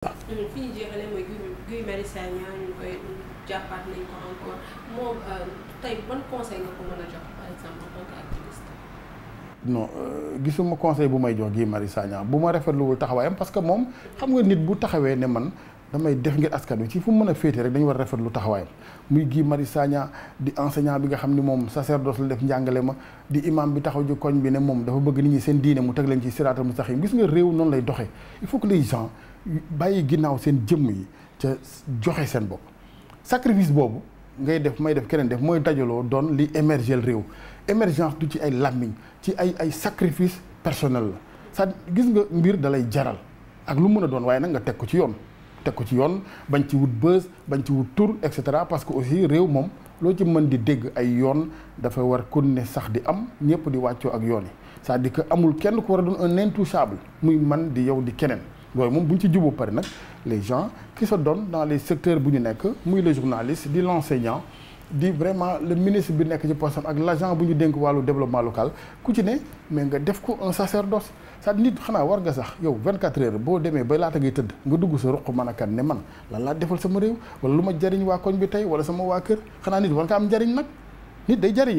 fi euh, a jox par euh, gisuma conseil bu may jox Guy Marius Sagna bu ma rafetluwul taxawaayam parce que moom xam nga nit bu taxawee ne man damay def ngir askan wi ci fu mu mën a féete rek dañu war a rafetlu taxawaayam muy Guy Marius Sagna di enseignant bi nga xam ni moom sacerdoce la def njàngale ma di imam bi taxaw ci koñ bi ne moom dafa bëgg nit ñi seen diine mu teg leen ci siraatal mustaqim gis nga réew noonu lay doxee il faut que les bàyyi ginnaaw seen jëmm yi ca joxe seen bopp sacrifice boobu ngay def may def keneen def mooy dajaloo doon li émergel réew émergence du ci ay làmmiñ ci ay ay sacrifice personnel la sa gis nga mbir dalay jaral ak lu mën a doon waaye nag nga teg ko ci yoon teg ko ci yoon bañ ci wut bës bañ ci wut tur et cetera parce que aussi réew moom loo ci mën di dégg ay yoon dafay war kon ne sax di am ñëpp di wàccoo ak yoon yi c'est-à-dire amul kenn ku war a doon un intouchable muy man di yow di keneen loolu moom bu ñu ci juboo pare nag les gens qui se donnent dans les secteurs bu ñu nekk muy le journaliste di l'enseignant di vraiment le ministre bi nekk ci postam ak l'agent bu ñu dénk wàllu développement local ku ci ne mais nga def ko un sacerdoce sa nit xanaa war nga sax yow vingt 24 heures boo demee ba laata ngay tëdd nga dugg sa ruq mën a kan ne man lan laa defal sama réew wala lu ma jariñ waa koñ bi tey wala sama waa kër xanaa nit war nga am njariñ nag nit day jariñee